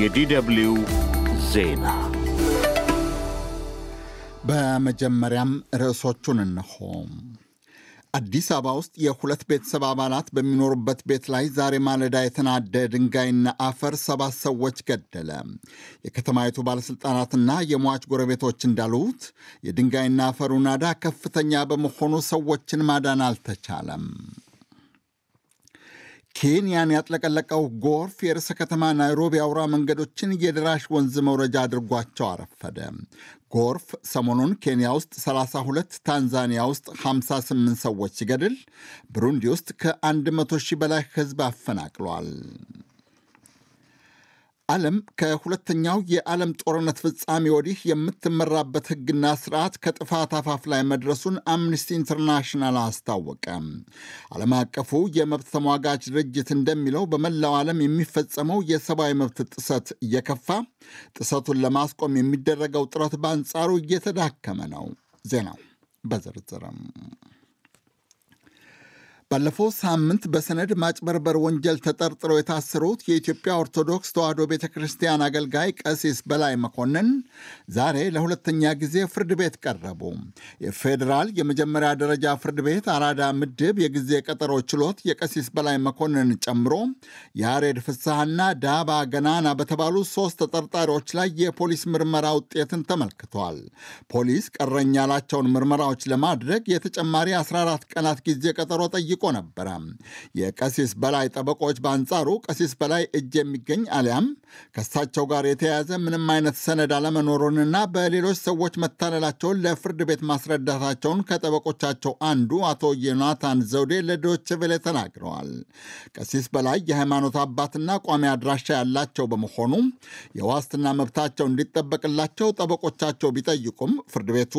የዲደብልዩ ዜና በመጀመሪያም ርዕሶቹን እንሆ። አዲስ አበባ ውስጥ የሁለት ቤተሰብ አባላት በሚኖሩበት ቤት ላይ ዛሬ ማለዳ የተናደ ድንጋይና አፈር ሰባት ሰዎች ገደለ። የከተማይቱ ባለሥልጣናትና የሟች ጎረቤቶች እንዳሉት የድንጋይና አፈሩ ናዳ ከፍተኛ በመሆኑ ሰዎችን ማዳን አልተቻለም። ኬንያን ያጥለቀለቀው ጎርፍ የርዕሰ ከተማ ናይሮቢ አውራ መንገዶችን የደራሽ ወንዝ መውረጃ አድርጓቸው አረፈደ። ጎርፍ ሰሞኑን ኬንያ ውስጥ 32፣ ታንዛኒያ ውስጥ 58 ሰዎች ሲገድል ብሩንዲ ውስጥ ከ100 ሺህ በላይ ሕዝብ አፈናቅሏል። ዓለም ከሁለተኛው የዓለም ጦርነት ፍጻሜ ወዲህ የምትመራበት ሕግና ስርዓት ከጥፋት አፋፍ ላይ መድረሱን አምነስቲ ኢንተርናሽናል አስታወቀ። ዓለም አቀፉ የመብት ተሟጋች ድርጅት እንደሚለው በመላው ዓለም የሚፈጸመው የሰብአዊ መብት ጥሰት እየከፋ፣ ጥሰቱን ለማስቆም የሚደረገው ጥረት በአንጻሩ እየተዳከመ ነው። ዜናው በዝርዝርም ባለፈው ሳምንት በሰነድ ማጭበርበር ወንጀል ተጠርጥረው የታሰሩት የኢትዮጵያ ኦርቶዶክስ ተዋሕዶ ቤተ ክርስቲያን አገልጋይ ቀሲስ በላይ መኮንን ዛሬ ለሁለተኛ ጊዜ ፍርድ ቤት ቀረቡ። የፌዴራል የመጀመሪያ ደረጃ ፍርድ ቤት አራዳ ምድብ የጊዜ ቀጠሮ ችሎት የቀሲስ በላይ መኮንን ጨምሮ ያሬድ ፍስሐና ዳባ ገናና በተባሉ ሦስት ተጠርጣሪዎች ላይ የፖሊስ ምርመራ ውጤትን ተመልክቷል። ፖሊስ ቀረኝ ያላቸውን ምርመራዎች ለማድረግ የተጨማሪ 14 ቀናት ጊዜ ቀጠሮ ጠይቋል። ጠይቆ ነበረ። የቀሲስ በላይ ጠበቆች በአንጻሩ ቀሲስ በላይ እጅ የሚገኝ አሊያም ከእሳቸው ጋር የተያያዘ ምንም አይነት ሰነድ አለመኖሩንና በሌሎች ሰዎች መታለላቸውን ለፍርድ ቤት ማስረዳታቸውን ከጠበቆቻቸው አንዱ አቶ ዮናታን ዘውዴ ለዶች ቬለ ተናግረዋል። ቀሲስ በላይ የሃይማኖት አባትና ቋሚ አድራሻ ያላቸው በመሆኑ የዋስትና መብታቸው እንዲጠበቅላቸው ጠበቆቻቸው ቢጠይቁም ፍርድ ቤቱ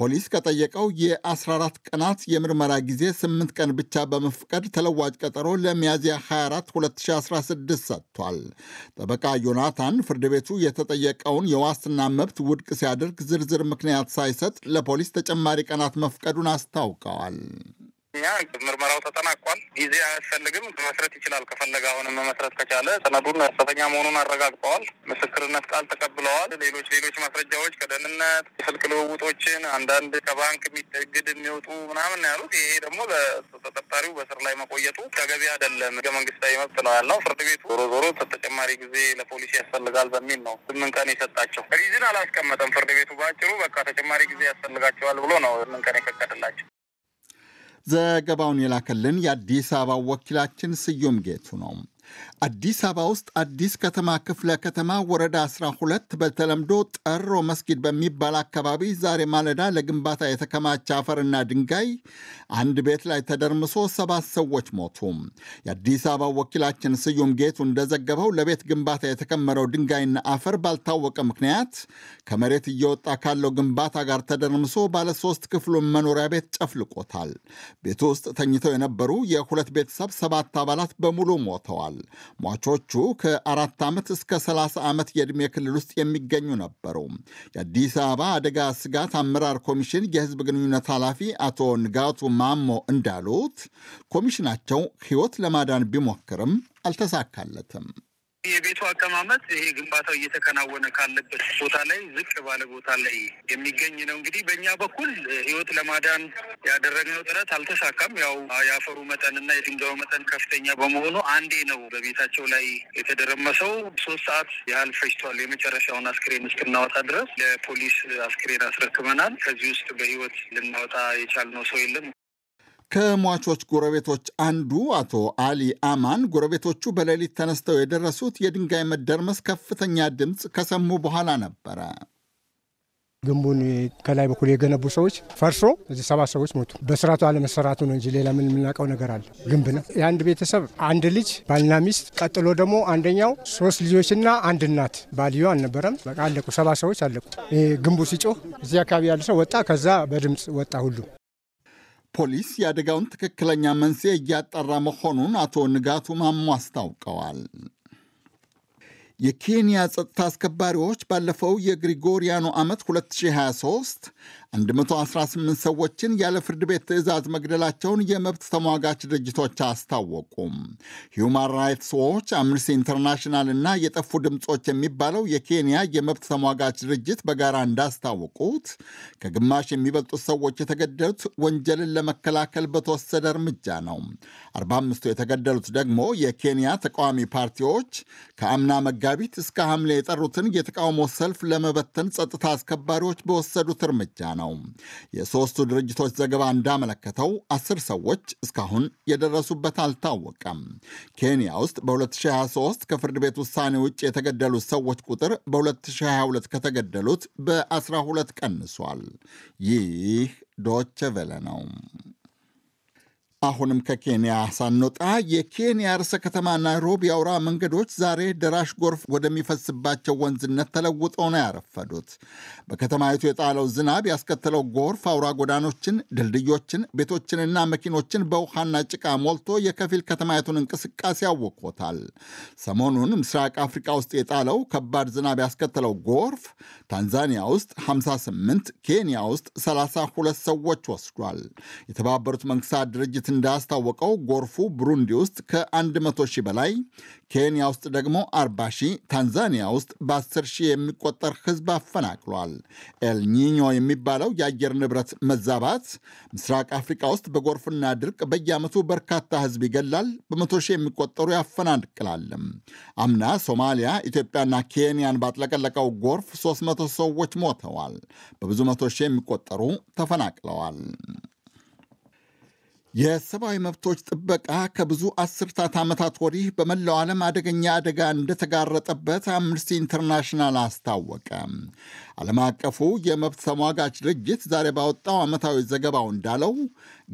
ፖሊስ ከጠየቀው የ14 ቀናት የምርመራ ጊዜ 8 ቀን ብቻ ብቻ በመፍቀድ ተለዋጭ ቀጠሮ ለሚያዝያ 24 2016 ሰጥቷል። ጠበቃ ዮናታን ፍርድ ቤቱ የተጠየቀውን የዋስትና መብት ውድቅ ሲያደርግ ዝርዝር ምክንያት ሳይሰጥ ለፖሊስ ተጨማሪ ቀናት መፍቀዱን አስታውቀዋል። እኛ ምርመራው ተጠናቋል። ጊዜ አያስፈልግም። መስረት ይችላል ከፈለገ አሁንም መመስረት ከቻለ ሰነዱን ሐሰተኛ መሆኑን አረጋግጠዋል። ምስክርነት ቃል ተቀብለዋል። ሌሎች ሌሎች ማስረጃዎች ከደህንነት የስልክ ልውውጦችን፣ አንዳንድ ከባንክ የሚግድ የሚወጡ ምናምን ያሉት። ይሄ ደግሞ ለተጠርጣሪው በስር ላይ መቆየቱ ተገቢ አይደለም፣ ህገ መንግስታዊ መብት ነው ያልነው ፍርድ ቤቱ ዞሮ ዞሮ ተጨማሪ ጊዜ ለፖሊሲ ያስፈልጋል በሚል ነው ስምንት ቀን የሰጣቸው። ሪዝን አላስቀመጠም ፍርድ ቤቱ በአጭሩ በቃ ተጨማሪ ጊዜ ያስፈልጋቸዋል ብሎ ነው ስምንት ቀን የፈቀደላቸው። ዘገባውን የላከልን የአዲስ አበባ ወኪላችን ስዩም ጌቱ ነው። አዲስ አበባ ውስጥ አዲስ ከተማ ክፍለ ከተማ ወረዳ 12 በተለምዶ ጠሮ መስጊድ በሚባል አካባቢ ዛሬ ማለዳ ለግንባታ የተከማቸ አፈርና ድንጋይ አንድ ቤት ላይ ተደርምሶ ሰባት ሰዎች ሞቱ። የአዲስ አበባ ወኪላችን ስዩም ጌቱ እንደዘገበው ለቤት ግንባታ የተከመረው ድንጋይና አፈር ባልታወቀ ምክንያት ከመሬት እየወጣ ካለው ግንባታ ጋር ተደርምሶ ባለሶስት ክፍሉን መኖሪያ ቤት ጨፍልቆታል። ቤቱ ውስጥ ተኝተው የነበሩ የሁለት ቤተሰብ ሰባት አባላት በሙሉ ሞተዋል። ሟቾቹ ከአራት ዓመት እስከ 30 ዓመት የዕድሜ ክልል ውስጥ የሚገኙ ነበሩ። የአዲስ አበባ አደጋ ስጋት አመራር ኮሚሽን የህዝብ ግንኙነት ኃላፊ አቶ ንጋቱ ማሞ እንዳሉት ኮሚሽናቸው ሕይወት ለማዳን ቢሞክርም አልተሳካለትም። የቤቱ አቀማመጥ ይሄ ግንባታው እየተከናወነ ካለበት ቦታ ላይ ዝቅ ባለ ቦታ ላይ የሚገኝ ነው። እንግዲህ በእኛ በኩል ህይወት ለማዳን ያደረግነው ጥረት አልተሳካም። ያው የአፈሩ መጠንና የድንጋዩ መጠን ከፍተኛ በመሆኑ አንዴ ነው በቤታቸው ላይ የተደረመሰው። ሶስት ሰዓት ያህል ፈጅቷል። የመጨረሻውን አስክሬን እስክናወጣ ድረስ ለፖሊስ አስክሬን አስረክበናል። ከዚህ ውስጥ በህይወት ልናወጣ የቻልነው ሰው የለም። ከሟቾች ጎረቤቶች አንዱ አቶ አሊ አማን ጎረቤቶቹ በሌሊት ተነስተው የደረሱት የድንጋይ መደርመስ ከፍተኛ ድምፅ ከሰሙ በኋላ ነበረ። ግንቡን ከላይ በኩል የገነቡ ሰዎች ፈርሶ እዚህ ሰባት ሰዎች ሞቱ። በስራቱ አለመሰራቱ ነው እንጂ ሌላ ምን የምናውቀው ነገር አለ? ግንብ ነው። የአንድ ቤተሰብ አንድ ልጅ ባልና ሚስት፣ ቀጥሎ ደግሞ አንደኛው ሶስት ልጆችና አንድ እናት። ባልዮ አልነበረም። በቃ አለቁ፣ ሰባት ሰዎች አለቁ። ግንቡ ሲጮህ እዚህ አካባቢ ያለ ሰው ወጣ። ከዛ በድምፅ ወጣ ሁሉ ፖሊስ የአደጋውን ትክክለኛ መንስኤ እያጠራ መሆኑን አቶ ንጋቱ ማሞ አስታውቀዋል። የኬንያ ጸጥታ አስከባሪዎች ባለፈው የግሪጎሪያኑ ዓመት 2023 118 ሰዎችን ያለ ፍርድ ቤት ትዕዛዝ መግደላቸውን የመብት ተሟጋች ድርጅቶች አስታወቁም። ሂውማን ራይትስ ዎች፣ አምነስቲ ኢንተርናሽናል እና የጠፉ ድምፆች የሚባለው የኬንያ የመብት ተሟጋች ድርጅት በጋራ እንዳስታወቁት ከግማሽ የሚበልጡት ሰዎች የተገደሉት ወንጀልን ለመከላከል በተወሰደ እርምጃ ነው። 45ቱ የተገደሉት ደግሞ የኬንያ ተቃዋሚ ፓርቲዎች ከአምና መጋቢት እስከ ሐምሌ የጠሩትን የተቃውሞ ሰልፍ ለመበተን ጸጥታ አስከባሪዎች በወሰዱት እርምጃ ነው። የሦስቱ ድርጅቶች ዘገባ እንዳመለከተው አስር ሰዎች እስካሁን የደረሱበት አልታወቀም። ኬንያ ውስጥ በ2023 ከፍርድ ቤት ውሳኔ ውጭ የተገደሉት ሰዎች ቁጥር በ2022 ከተገደሉት በ12 ቀንሷል። ይህ ዶቸ ቬለ ነው። አሁንም ከኬንያ ሳንወጣ የኬንያ ርዕሰ ከተማ ናይሮቢ አውራ መንገዶች ዛሬ ደራሽ ጎርፍ ወደሚፈስባቸው ወንዝነት ተለውጠው ነው ያረፈዱት። በከተማይቱ የጣለው ዝናብ ያስከተለው ጎርፍ አውራ ጎዳኖችን፣ ድልድዮችን፣ ቤቶችንና መኪኖችን በውሃና ጭቃ ሞልቶ የከፊል ከተማይቱን እንቅስቃሴ ያውኮታል። ሰሞኑን ምስራቅ አፍሪካ ውስጥ የጣለው ከባድ ዝናብ ያስከተለው ጎርፍ ታንዛኒያ ውስጥ 58፣ ኬንያ ውስጥ 32 ሰዎች ወስዷል። የተባበሩት መንግስታት ድርጅት እንዳስታወቀው ጎርፉ ብሩንዲ ውስጥ ከ100 ሺህ በላይ፣ ኬንያ ውስጥ ደግሞ 40 ሺህ፣ ታንዛኒያ ውስጥ በ10 ሺህ የሚቆጠር ህዝብ አፈናቅሏል። ኤልኒኞ የሚባለው የአየር ንብረት መዛባት ምስራቅ አፍሪካ ውስጥ በጎርፍና ድርቅ በየዓመቱ በርካታ ህዝብ ይገላል፣ በመቶ ሺህ የሚቆጠሩ ያፈናቅላልም። አምና ሶማሊያ፣ ኢትዮጵያና ኬንያን ባጥለቀለቀው ጎርፍ 300 ሰዎች ሞተዋል፣ በብዙ መቶ ሺህ የሚቆጠሩ ተፈናቅለዋል። የሰብአዊ መብቶች ጥበቃ ከብዙ አስርታት ዓመታት ወዲህ በመላው ዓለም አደገኛ አደጋ እንደተጋረጠበት አምነስቲ ኢንተርናሽናል አስታወቀ። ዓለም አቀፉ የመብት ተሟጋች ድርጅት ዛሬ ባወጣው ዓመታዊ ዘገባው እንዳለው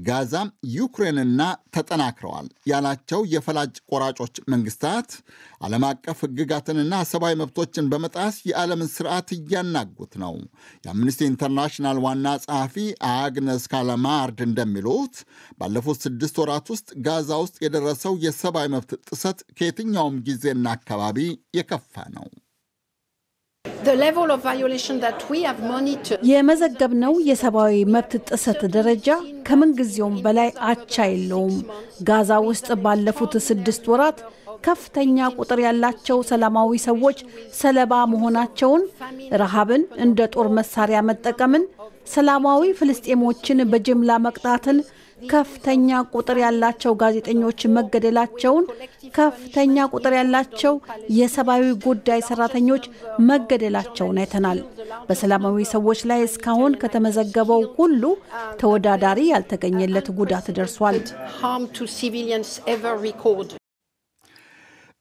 ጋዛ፣ ዩክሬንና ተጠናክረዋል ያላቸው የፈላጭ ቆራጮች መንግስታት ዓለም አቀፍ ሕግጋትንና ሰብአዊ መብቶችን በመጣስ የዓለምን ስርዓት እያናጉት ነው። የአምነስቲ ኢንተርናሽናል ዋና ጸሐፊ አግነስ ካለማርድ እንደሚሉት ባለፉት ስድስት ወራት ውስጥ ጋዛ ውስጥ የደረሰው የሰብአዊ መብት ጥሰት ከየትኛውም ጊዜና አካባቢ የከፋ ነው። የመዘገብነው የሰብአዊ መብት ጥሰት ደረጃ ከምንጊዜውም በላይ አቻ የለውም። ጋዛ ውስጥ ባለፉት ስድስት ወራት ከፍተኛ ቁጥር ያላቸው ሰላማዊ ሰዎች ሰለባ መሆናቸውን፣ ረሃብን እንደ ጦር መሳሪያ መጠቀምን፣ ሰላማዊ ፍልስጤሞችን በጅምላ መቅጣትን ከፍተኛ ቁጥር ያላቸው ጋዜጠኞች መገደላቸውን፣ ከፍተኛ ቁጥር ያላቸው የሰብአዊ ጉዳይ ሰራተኞች መገደላቸውን አይተናል። በሰላማዊ ሰዎች ላይ እስካሁን ከተመዘገበው ሁሉ ተወዳዳሪ ያልተገኘለት ጉዳት ደርሷል።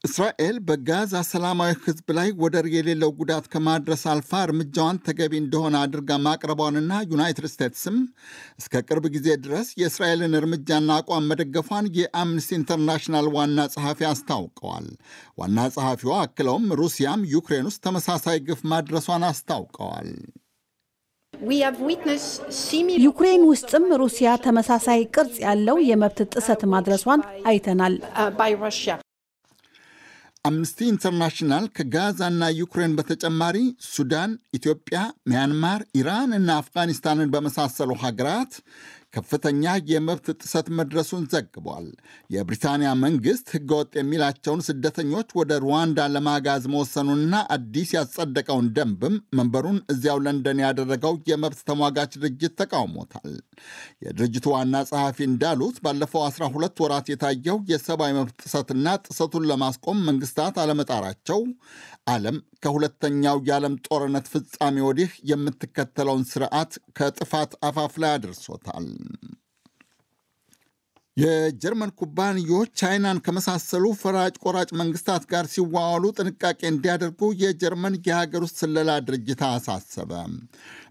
እስራኤል በጋዛ ሰላማዊ ሕዝብ ላይ ወደር የሌለው ጉዳት ከማድረስ አልፋ እርምጃዋን ተገቢ እንደሆነ አድርጋ ማቅረቧንና ዩናይትድ ስቴትስም እስከ ቅርብ ጊዜ ድረስ የእስራኤልን እርምጃና አቋም መደገፏን የአምነስቲ ኢንተርናሽናል ዋና ጸሐፊ አስታውቀዋል። ዋና ጸሐፊዋ አክለውም ሩሲያም ዩክሬን ውስጥ ተመሳሳይ ግፍ ማድረሷን አስታውቀዋል። ዩክሬን ውስጥም ሩሲያ ተመሳሳይ ቅርጽ ያለው የመብት ጥሰት ማድረሷን አይተናል። uh, አምነስቲ ኢንተርናሽናል ከጋዛና ዩክሬን በተጨማሪ ሱዳን፣ ኢትዮጵያ፣ ሚያንማር፣ ኢራን እና አፍጋኒስታንን በመሳሰሉ ሀገራት ከፍተኛ የመብት ጥሰት መድረሱን ዘግቧል። የብሪታንያ መንግሥት ህገወጥ የሚላቸውን ስደተኞች ወደ ሩዋንዳ ለማጋዝ መወሰኑንና አዲስ ያጸደቀውን ደንብም መንበሩን እዚያው ለንደን ያደረገው የመብት ተሟጋች ድርጅት ተቃውሞታል። የድርጅቱ ዋና ጸሐፊ እንዳሉት ባለፈው 12 ወራት የታየው የሰብአዊ መብት ጥሰትና ጥሰቱን ለማስቆም መንግስታት አለመጣራቸው ዓለም ከሁለተኛው የዓለም ጦርነት ፍጻሜ ወዲህ የምትከተለውን ስርዓት ከጥፋት አፋፍ ላይ አድርሶታል። የጀርመን ኩባንያዎች ቻይናን ከመሳሰሉ ፈራጭ ቆራጭ መንግስታት ጋር ሲዋዋሉ ጥንቃቄ እንዲያደርጉ የጀርመን የሀገር ውስጥ ስለላ ድርጅት አሳሰበ።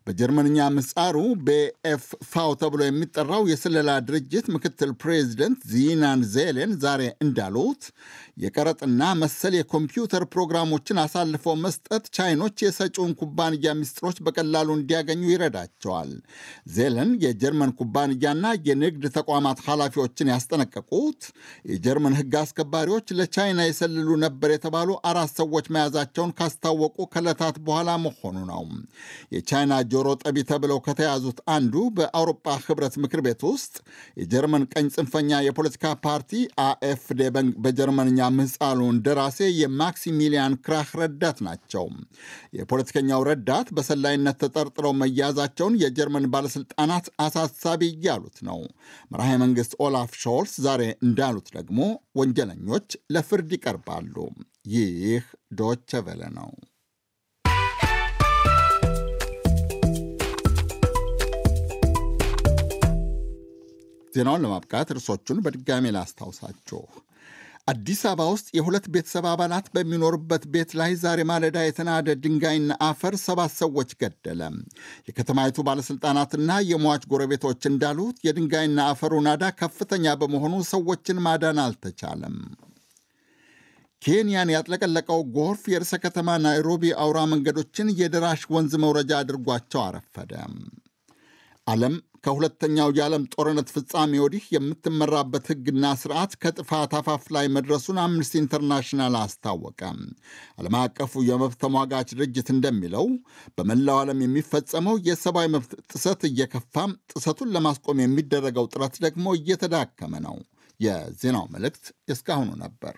በጀርመንኛ ምጻሩ ቤኤፍ ፋው ተብሎ የሚጠራው የስለላ ድርጅት ምክትል ፕሬዚደንት ዚናን ዜሌን ዛሬ እንዳሉት የቀረጥና መሰል የኮምፒውተር ፕሮግራሞችን አሳልፎ መስጠት ቻይኖች የሰጪውን ኩባንያ ሚስጥሮች በቀላሉ እንዲያገኙ ይረዳቸዋል። ዜለን የጀርመን ኩባንያና የንግድ ተቋማት ኃላፊዎችን ያስጠነቀቁት የጀርመን ሕግ አስከባሪዎች ለቻይና የሰልሉ ነበር የተባሉ አራት ሰዎች መያዛቸውን ካስታወቁ ከዕለታት በኋላ መሆኑ ነው። የቻይና ጆሮ ጠቢ ተብለው ከተያዙት አንዱ በአውሮፓ ህብረት ምክር ቤት ውስጥ የጀርመን ቀኝ ጽንፈኛ የፖለቲካ ፓርቲ አኤፍዴ በጀርመንኛ ምህጻሩን ደራሴ የማክሲሚሊያን ክራህ ረዳት ናቸው። የፖለቲከኛው ረዳት በሰላይነት ተጠርጥረው መያዛቸውን የጀርመን ባለስልጣናት አሳሳቢ እያሉት ነው። መርሃ መንግስት ኦላፍ ሾልስ ዛሬ እንዳሉት ደግሞ ወንጀለኞች ለፍርድ ይቀርባሉ። ይህ ዶቸ ቬለ ነው። ዜናውን ለማብቃት እርሶቹን በድጋሜ ላስታውሳችሁ። አዲስ አበባ ውስጥ የሁለት ቤተሰብ አባላት በሚኖሩበት ቤት ላይ ዛሬ ማለዳ የተናደ ድንጋይና አፈር ሰባት ሰዎች ገደለ። የከተማይቱ ባለሥልጣናትና የሟች ጎረቤቶች እንዳሉት የድንጋይና አፈሩ ናዳ ከፍተኛ በመሆኑ ሰዎችን ማዳን አልተቻለም። ኬንያን ያጥለቀለቀው ጎርፍ የርዕሰ ከተማ ናይሮቢ አውራ መንገዶችን የደራሽ ወንዝ መውረጃ አድርጓቸው አረፈደ። ዓለም ከሁለተኛው የዓለም ጦርነት ፍጻሜ ወዲህ የምትመራበት ሕግና ስርዓት ከጥፋት አፋፍ ላይ መድረሱን አምነስቲ ኢንተርናሽናል አስታወቀ። ዓለም አቀፉ የመብት ተሟጋች ድርጅት እንደሚለው በመላው ዓለም የሚፈጸመው የሰብአዊ መብት ጥሰት እየከፋ፣ ጥሰቱን ለማስቆም የሚደረገው ጥረት ደግሞ እየተዳከመ ነው። የዜናው መልእክት እስካሁኑ ነበር።